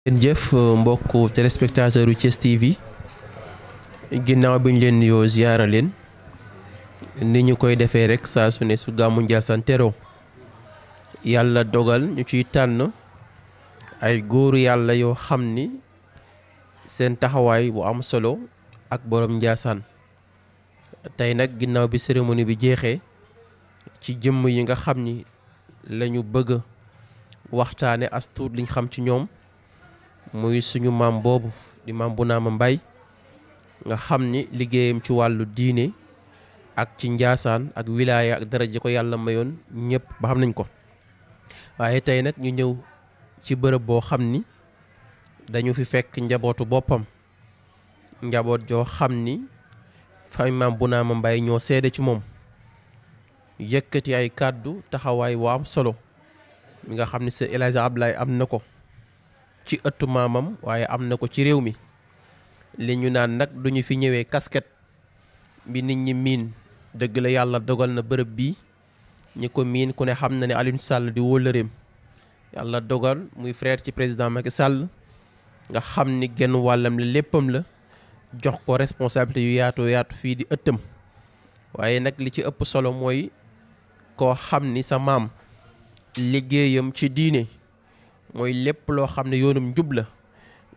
seen jëf euh, mbokku téléspectateur yu Thiès TV ginnaaw bi ñu leen nuyoo ziyaara leen ni ñu koy defee rek saa su ne su gàmmu Ndiassane teroo yàlla dogal ñu ciy tànn ay góoru yàlla yoo xam ni seen taxawaay bu am solo ak boroom njaasaan tey nag ginnaaw bi cérémonie bi jeexee ci jëmm yi nga xam ni lañu bëgg waxtaane as tuut liñ xam ci ñoom muy suñu maam boobu di maam bu ma mbay nga xam ni liggéeyam ci wàllu diine ak ci njaasaan ak wilaaya ak daraja ko yàlla mayoon ñëpp ba xam nañ ko waaye tey nag ñu ñëw ci bërëb boo xam ni dañu fi fekk njabootu boppam njaboot joo xam ni fay maam bu naa ma mbay ñoo seede ci moom yëkkati ay kàddu taxawaay am solo mi nga xam ni sa Elhadji Abdoulaye am na ko ci ëttu maamam waaye am na ko ci réew mi li ñu naan nag du ñu fi ñëwee kasket bi nit ñi miin dëgg la yàlla dogal na bërëb bii ñi ko miin ku ne xam na ne Alioune sàll di wóolëreem yàlla dogal muy frère ci président Macky sàll nga xam ni genn wàllam la léppam la jox ko responsabile yu yaato yaatu fii di ëttam waaye nag li ci ëpp solo mooy koo xam ni sa maam liggéeyam ci diine mooy lépp loo xam ne yoonum njub la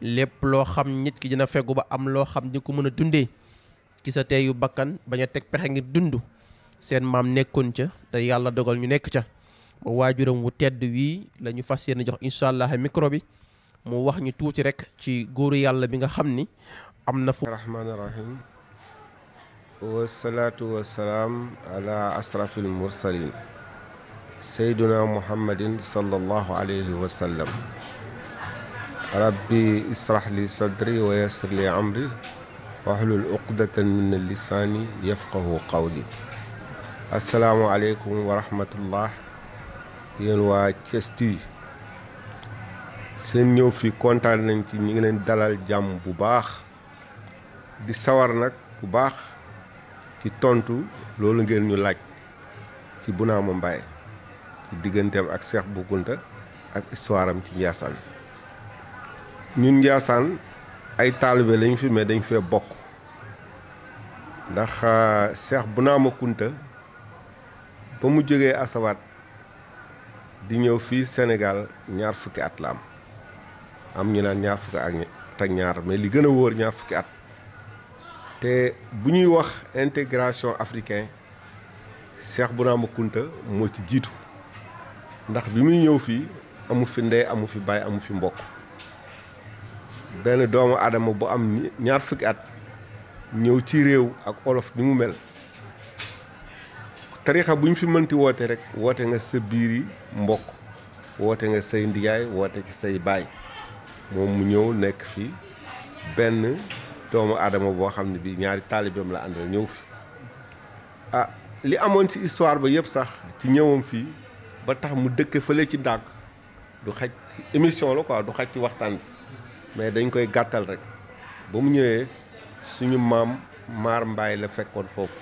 lépp loo xam nit ki dina fegu ba am loo xam ni ko mën a dundee ci sa teeyu bakkan bañ a teg pexe ngir dund seen maam nekkoon ca te yàlla dogal ñu nekk ca ba waajuram wu tedd wii la ñu fas yéene jox incha allah micro mu wax ñu tuuti rek ci góoru yàlla bi nga xam ni am na fu rahmaani rahim wasalaatu wasalaam ala asrafil mursalin seyduna muhammadin sallallahu alayhi wa sallam rabbi israh li sadri wa yassir li amri wahlul uqdatan min lisaani yafqahu qawli asalaamualeykum wa rahmatullah yéen waa Thiès seen ñëw fii kontaan nañ ci ñi ngi leen dalal jàmm bu baax di sawar nag bu baax ci tontu loolu ngeen ñu laaj ci bunaamu Mbaye ci digganteem ak seex Bou Kounta ak histoire am ci Ndiassane ñun Ndiassane ay taalibe lañu fi mais dañu fee bokk ndax euh, Cheikh Bounama Kounta ba mu jógee Asawaat di ñëw fii Sénégal ñaar fukki at la am am ñu naan ñaar fukki ak ak ñaar mais li gën a wóor ñaar fukki at te bu ñuy wax intégration africain Cheikh Bounama Kounta moo ci jiitu ndax bi muy ñëw fii amu fi ndey amu fi baay amu fi mbokk benn doomu aadama bu am ñaar fukki at ñëw ci réew ak olof ni mu mel tarixa bu ñu fi mënti woote rek woote nga sa biir yi mbokk woote nga say ndiyaay woote ci say baay moom mu ñëw nekk fi benn doomu aadama boo xam ne bi ñaari taalibeem la àndal ñëw fi ah li amoon ci histoire ba yëpp sax ci ñëwam fii ba tax mu dëkk fële ci ndànk du xaj émission la quoi du xaj ci waxtaan bi mais dañ koy gàttal rek ba mu ñëwee suñu maam maar mbaay la fekkoon foofu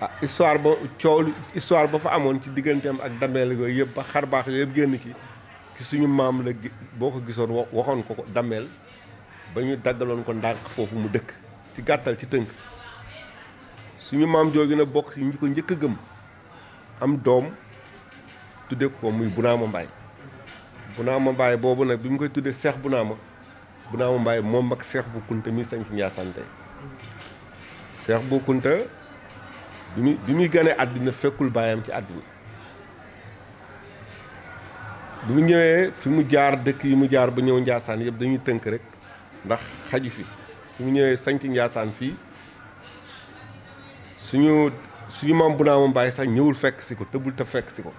ah histoire ba coow histoire ba fa amoon ci digganteem ak dammeel yooyu yëpp ba xar baax yooyu yëpp génn ki ki suñu maam la boo ko gisoon waxoon ko ko dammeel ba ñu daggaloon ko ndàq foofu mu dëkk ci gàttal ci tënk suñu maam jooju na bokk si ñu ko njëkk a gëm am doom tuddee ko muy Bunaama Mbaay Bunaama Mbaay boobu nag bi mu koy tuddee Seex bu naa Bunaama Bunaama Mbaay moom ak Seex Bu Kunta mi sañ fi Njaasaan tey Seex Bu Kunta bi muy bi ganee àddina fekkul baayam ci àddina bi mu ñëwee fi mu jaar dëkk yi mu jaar ba ñëw Njaasaan yëpp dañuy tënk rek ndax xaju fi fi mu ñëwee sañc Njaasaan fii suñu suñu maam Bunaama Mbaay sax ñëwul fekk si ko tëbul te fekk si ko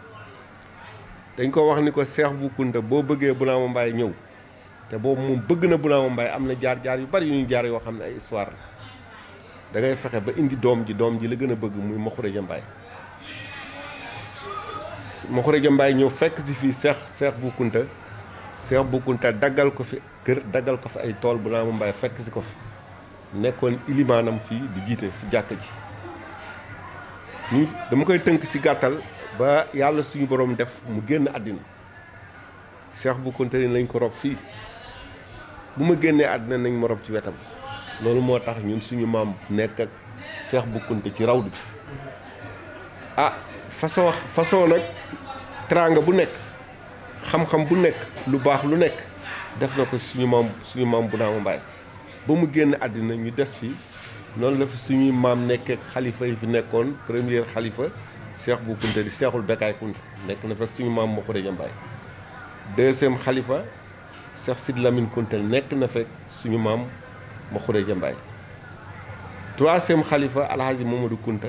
dañ ko wax ni ko Seex bu Kunta boo bëggee Bounama Mbaye ñëw te boobu moom bëgg na Bounama Mbaye am na jaar-jaar yu bari yu ñu jaar yoo xam ne ay histoire la da ngay fexe ba indi doom ji doom ji la gën a bëgg muy Makhourédia Mbaye Makhourédia Mbaye ñëw fekk si fii Seex Seex bu Kunta Seex bu Kunta daggal ko fi kër daggal ko fi ay tool Bounama Mbaye fekk si ko fi nekkoon ilimaanam fii di jiite si jàkk ji ñu dama koy tënk ci gàttal ba yàlla suñu borom def mu génn àddina seex bu kontane nañ ko rob fii bu ma génnee àddina nañ ma rob ci wetam loolu moo tax ñun suñu maam nekk ak seex bu kunte ci raw bi ah façon façon nag teraanga bu nekk xam-xam bu nekk lu baax lu nekk def na ko suñu maam suñu maam bu naama mbaay ba mu génn àddina ñu des fii noonu la fi suñuy maam nekk xalifa yi fi nekkoon premier xalifa Cheikh Bou Kounta di Cheikhul Bekaay Kounta nekk na fekk suñu maam moo ko dee jàmbaay deuxième xalifa Cheikh Sid Lamine Kounta nekk na fekk suñu maam moo ko dee jàmbaay troisième xalifa Alhaji Mamadou Kounta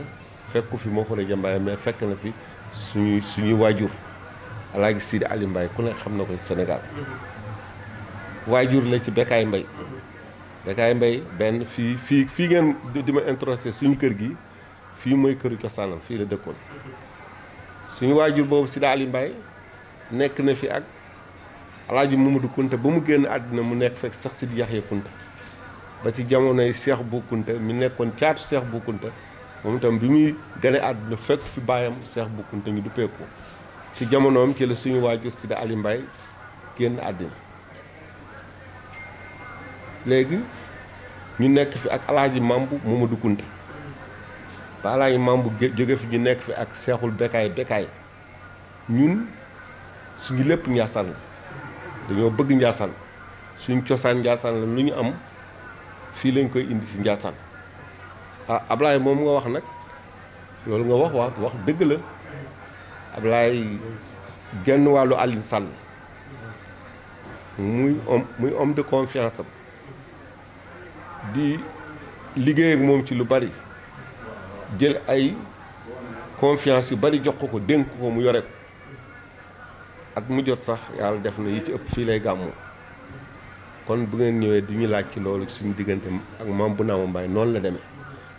ku fi moo ko dee jàmbaay mais fekk na fi suñuy suñuy waajur Alhaji si Ali Mbaye ku ne xam na ko Sénégal waajur la ci Bekaay Mbaye Bekaay Mbaye benn fii fii fii ngeen di ma suñu kër gi fii mooy këru cosaanam fii la dëkkoon suñu waajur boobu Sida Ali Mbaye nekk na fi ak alaaji Mamadou Kunta ba mu génn àddina mu nekk fekk sax Sidi Yaxya Kunta ba jamonoy Cheikh Bou Kunta mi nekkoon caatu Cheikh Bou Kunta moom itam bi muy gane àdduna fekk fi baayam Cheikh Bou Kunta ngi duppeeku ci jamonoom ci la suñu waajur Sida Ali Mbaye génn àddina léegi ñu nekk fi ak alaaji Mambu Mamadou Kunta baalaañu membre jóge fi ñu nekk fi ak seexul bekkaay bekkaay ñun suñu lépp njaasaan la dañoo bëgg njaasaan suñ cosaan njaasaan la lu ñu am fii lañ koy indi si njaasaan ah Ablaye moom nga wax nag loolu nga wax wax wax dëgg la Ablaye genn wàllu Alioune Sall muy homme muy homme de confiance di liggéey ak moom ci lu bari jël ay confiance yu bari jox ko ko dénk ko mu yore ko at mu jot sax yàlla def na yi ci ëpp fii lay gàmmu kon bu ngeen ñëwee du ñu laaj ci loolu suñu diggante ak maam bu naamu mbaay noonu la demee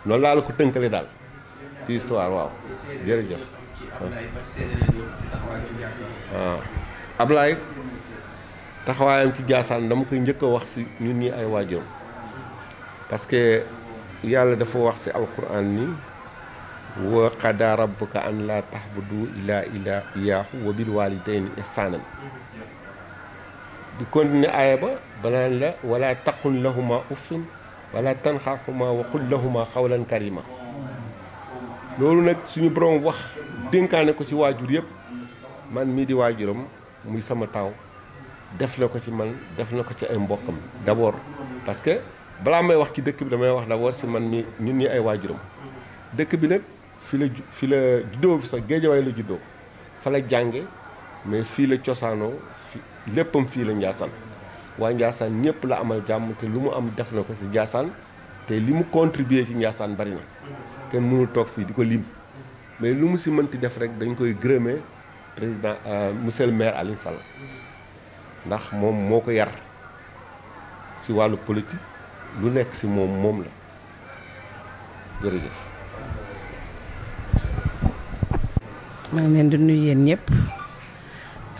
noonu laa la ko tënkale daal ci histoire waaw jërëjëf ah. waaw ci jaasaan dama koy njëkk a wax si ñu ñi ay waajoom parce yàlla dafa wax si alquran nii wa qadaa rabbuka an laa taxbudu ilaa ilaa iyaahu wa bil waalidayni ihsaanan di aaya ba banaan la wala taqul lahuma uffin wala tanxarhuma wa qul lahuma xawlan karima loolu nag suñu borom wax dénkaane ko ci waajur yëpp man mii di waajuram muy sama taw def na ko ci man def na ko ci ay mbokkam d'abord parce que balaa may wax ci dëkk bi damay wax d'abord si man mi ñu ñi ay waajuram dëkk bi nag fi la fi la juddoo bi sax géejawaay la juddoo fa la jànge mais fii la cosaanoo fi léppam fii la Ndiassane waa Ndiassane ñëpp la amal jàmm te lu mu am def na ko si Ndiassane te li mu contribuer ci Ndiassane bari na kenn mënul toog fii di ko lim mais lu mu si mënti def rek dañ koy gërëmee président euh, monsieur le maire Aliou Sall ndax moom moo ko yar si wàllu politique lu nekk si moom moom la maa ngi leen di nuyu yéen ñëpp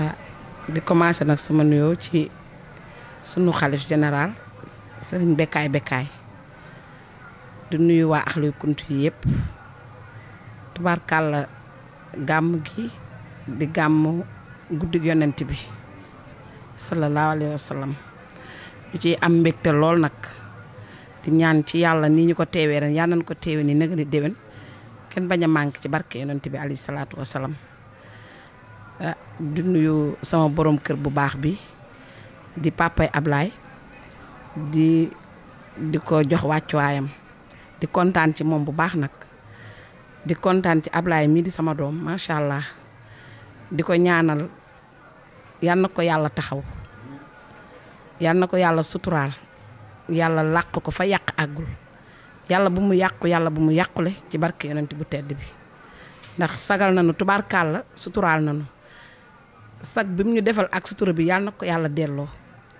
ah, di commencé nag sama nuyoo ci sunu xalif général sëriñ Bekkaay Bekkaay di nuyu waa axluy kunt yi yëpp tubaarkàlla gàmm gi di gàmm guddi yonent bi sallallahu alayhi wa sallam ñu ciy am mbégte lool nag di ñaan ci yàlla nii ñu ko teewee ren yal nañu ko teewee nii nag ni déwén kenn bañ a manqué ci barke yonent bi alayhi salaatu wasalaam ah di nuyu sama borom kër bu baax bi di papay Ablaay di di ko jox wàccuwaayam di kontaan ci moom bu baax nag di kontaan ci Ablaay mii di sama doom macha allah di ko ñaanal yal na ko yàlla taxaw yal na ko yàlla suturaal yàlla làq ko fa yàq àggul yàlla bu mu yàqu yàlla bu mu yàqule ci barke yonent bu tedd bi ndax sagal nanu tubaarkaal la suturaal nanu sag bi mu ñu defal ak sutura bi yàlla nag ko yàlla delloo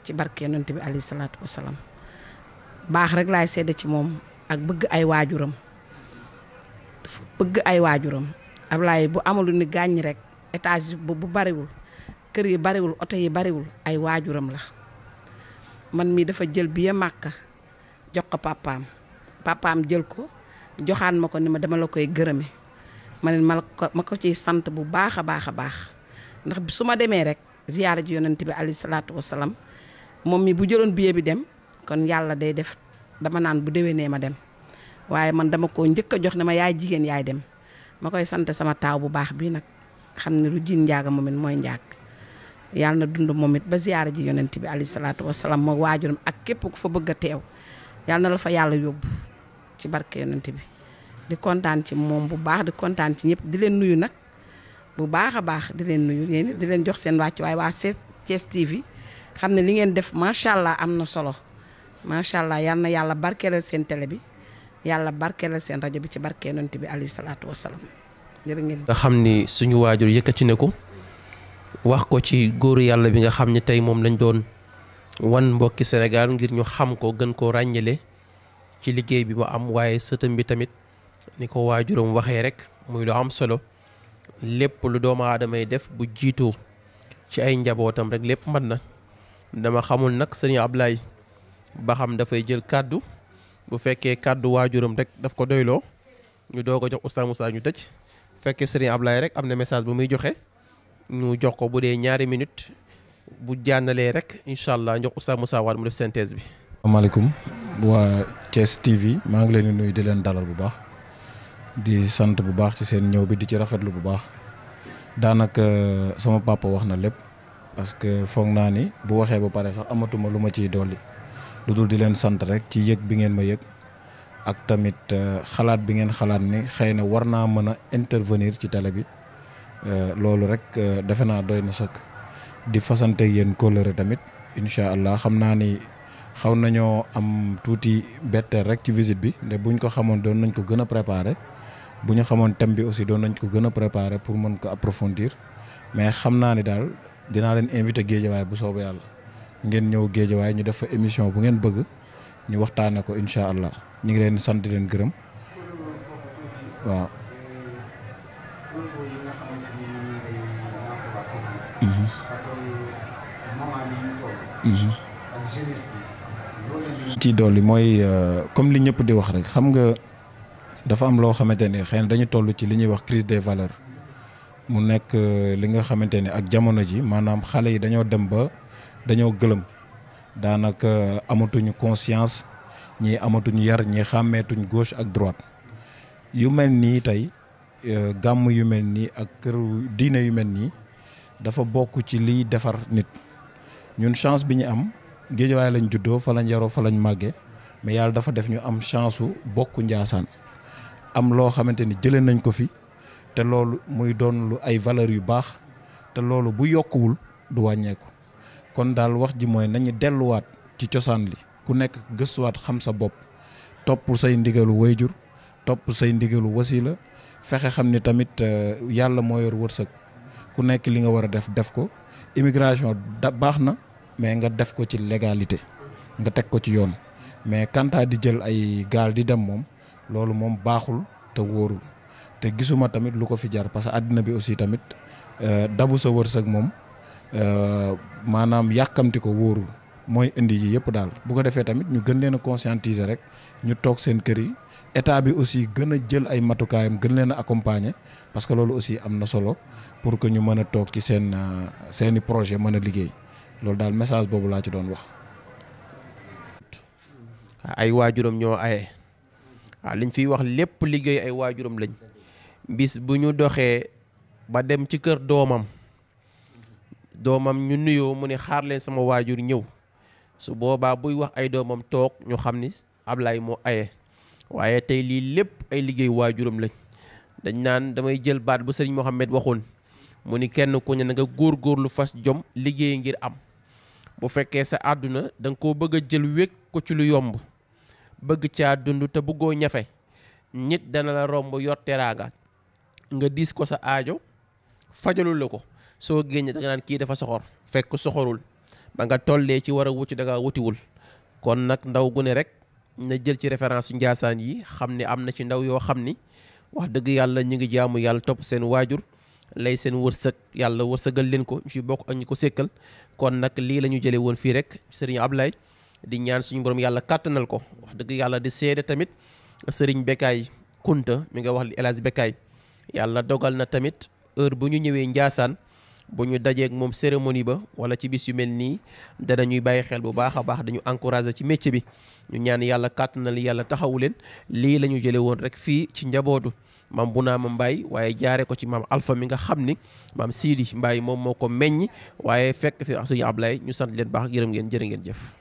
ci barke yonent bi alayhi salaatu wasalaam baax rek laay sedda ci moom ak bëgg ay waajuram bëgg ay waajuram Ablaye bu amul ni gàññ rek étage bu bariwul kër yi bariwul oto yi bariwul ay waajuram la man mii dafa jël billet Màkka jox ko papaam papaam jël ko joxaan ma ko ni ma dama la koy gërëme ma ne ma ko ma ko ciy sant bu baax a baax a baax ndax su ma demee rek ziyaara ji yonent bi alayhi salaatu wasalaam moom mi bu jëloon billet bi dem kon yàlla day def dama naan bu déwénee ma dem waaye man dama koo njëkk jox ne ma yaay jigéen yaay dem ma koy sant sama taaw bu baax bii nag xam ne lu jiin njaaga moom mooy njaag yàlla na dund moom it ba ziyaara ji yonent bi alayhi salaatu wasalaam ma waajuram ak képp ku fa bëgg a teew yàlla la fa yàlla yóbbu ci barke yonent bi di kontaan ci moom bu baax di kontaan ci ñëpp di leen nuyu nag bu baax a baax di leen nuyu yéen di leen jox seen wàcc waaye waa Thiès TV xam ne li ngeen def macha allah am na solo macha allah yal na yàlla barkeelal seen télé bi yàlla barkeelal seen rajo bi ci barke yonent bi alayhi salaatu wasalaam jërë ngeen nga xam ni suñu waajur yëkkati ne ko wax ko ci góoru yàlla bi nga xam ne tey moom lañ doon wan mbokki Sénégal ngir ñu xam ko gën koo ràññale ci liggéey bi mu am waaye sëtam bi tamit ni ko waajuram waxee rek muy lu am solo lépp lu doomu aadamay def bu jiitoo ci ay njabootam rek lépp mën na dama xamul nag sëñ Ablaye ba xam dafay jël kàddu bu fekkee kàddu waajuram rek daf ko doyloo ñu doog a jox Oustaz Moussa ñu tëj bu fekkee sëriñ Ablaye rek am na message bu muy joxe ñu jox ko bu dee ñaari minute bu jànnalee rek incha allah jox Oustaz Moussa waat mu def synthèse bi. asalaamaaleykum. waa Thiès TV maa ngi leen di nuyu di leen dalal bu baax di sant bu baax ci seen ñëw bi di ci rafetlu bu baax daanaka euh, sama papa wax na lépp parce que foog naa ni bu waxee ba pare sax amatuma lu ma ciy dolli lu dul di leen sant rek ci yëg bi ngeen ma yëg ak tamit euh, xalaat bi ngeen xalaat ni xëy na war naa mën a intervenir ci tale bi euh, loolu rek defe naa doy na sëkk di fasante yéen kóllëre tamit incha allah xam naa ni. xaw nañoo am tuuti betteel rek ci visite bi te buñ ko xamoon doon nañ ko gën a préparer bu ñu xamoon thème bi aussi doon nañ ko gën a préparer pour mën ko approfondir mais xam naa ni daal dinaa leen invité géejawaay bu soobee yàlla ngeen ñëw géejawaay ñu def fa émission bu ngeen bëgg ñu waxtaane ko incha allah ñu ngi leen sant di leen gërëm waaw. mm ciy dolli mooy euh, comme li ñëpp di wax rek xam nga dafa am loo xamante ne xëy na dañu toll ci li ñuy wax crise des valeurs mu nekk euh, li nga xamante ne ak jamono ji maanaam xale yi dañoo dem ba dañoo gëlëm daanaka euh, amatuñu conscience ñii amatuñu yar ñii xàmmeetuñ gauche ak droite yu mel nii tey gàmm yu mel nii ak kër diine yu mel nii dafa bokk ci liy defar nit ñun chance bi ñu am. géejawaay lañ juddoo fa lañ yaroo fa lañu màggee mais yàlla dafa def ñu am chance su bokk njaasaan am loo xamante ni jëlee nañ ko fi te loolu muy doon lu ay valeurs yu baax te loolu bu yokkuwul du wàññeeku kon daal wax ji mooy nañu delluwaat ci cosaan li ku nekk gëstuwaat xam sa bopp topp say ndigalu wayjur topp say ndigalu wasila fexe xam ni tamit euh, yàlla moo yor wërsëg ku nekk li nga war a def def ko immigration da baax na. mais nga def ko ci légalité nga teg ko ci yoon mais kanta di jël ay gaal di dem moom loolu moom baaxul te wóorul te gisuma tamit lu ko fi jar parce que àddina bi aussi tamit euh, dabu sa wërsëg moom euh, maanaam yàkkamti ko wóorul mooy indi yi yëpp daal bu ko defee tamit ñu gën leen a conscientiser rek ñu toog seen kër yi état bi aussi gën a jël ay matukaayam gën leen a accompagner parce que loolu aussi am na solo pour que ñu mën a toog ci seen euh, seeni projet mën a liggéey loolu daal message boobu laa ci doon wax. ay waajuram ñoo aye waaw liñ fiy wax lépp liggéey ay waajuram lañ bis bu ñu doxee ba dem ci kër doomam doomam ñu nuyoo mu ne xaar leen sama waajur ñëw su boobaa buy wax ay doomam toog ñu xam ni Ablaye moo aye waaye tey lii lépp ay liggéey waajuram lañ dañ naan damay jël baat bu sëriñ Mohamed waxoon mu ni kenn ku ne na nga lu fas jom liggéey ngir am bu fekkee sa àdduna da nga koo bëgg a jël wékk ko ci lu yomb bëgg caa dund te bëggoo ñafe nit dana la romb yor teraanga nga diis ko sa aajo fajalu la ko soo génne da nga kii dafa soxor fekk soxorul ba nga tollee ci war a wuti da wutiwul kon nag ndaw gu ne rek na jël ci référence njaasaan yi xam ni am na ci ndaw yoo xam ni wax dëgg yàlla ñu ngi jaamu yàlla topp seen waajur lay seen wërsëg yàlla wërsëgal leen ko ñu ci bokk ak ñu ko sékkal kon nag lii la ñu jëlee woon fii rek sëriñ Ablaye di ñaan suñu borom yàlla kàttanal ko wax dëgg yàlla di seede tamit sëriñ Bekkaay Kunta mi nga wax li El Hadj Bekkaay yàlla dogal na tamit heure bu ñu ñëwee Njaasaan bu ñu dajeek moom cérémonie ba wala ci bis yu mel nii danañuy bàyyi xel bu baax a baax dañu encouragé ci métier bi ñu ñaan yàlla kàttanal yàlla taxawu leen lii la ñu jëlee woon rek fii ci njabootu. maam ma Mbaye waaye jaare ko ci maam Alpha mi nga xam ni maam Sidi Mbaye moom moo ko meññ waaye fekk fi ak suñu Ablaye ñu sant leen baax ak yërëm ngeen jërë ngeen jëf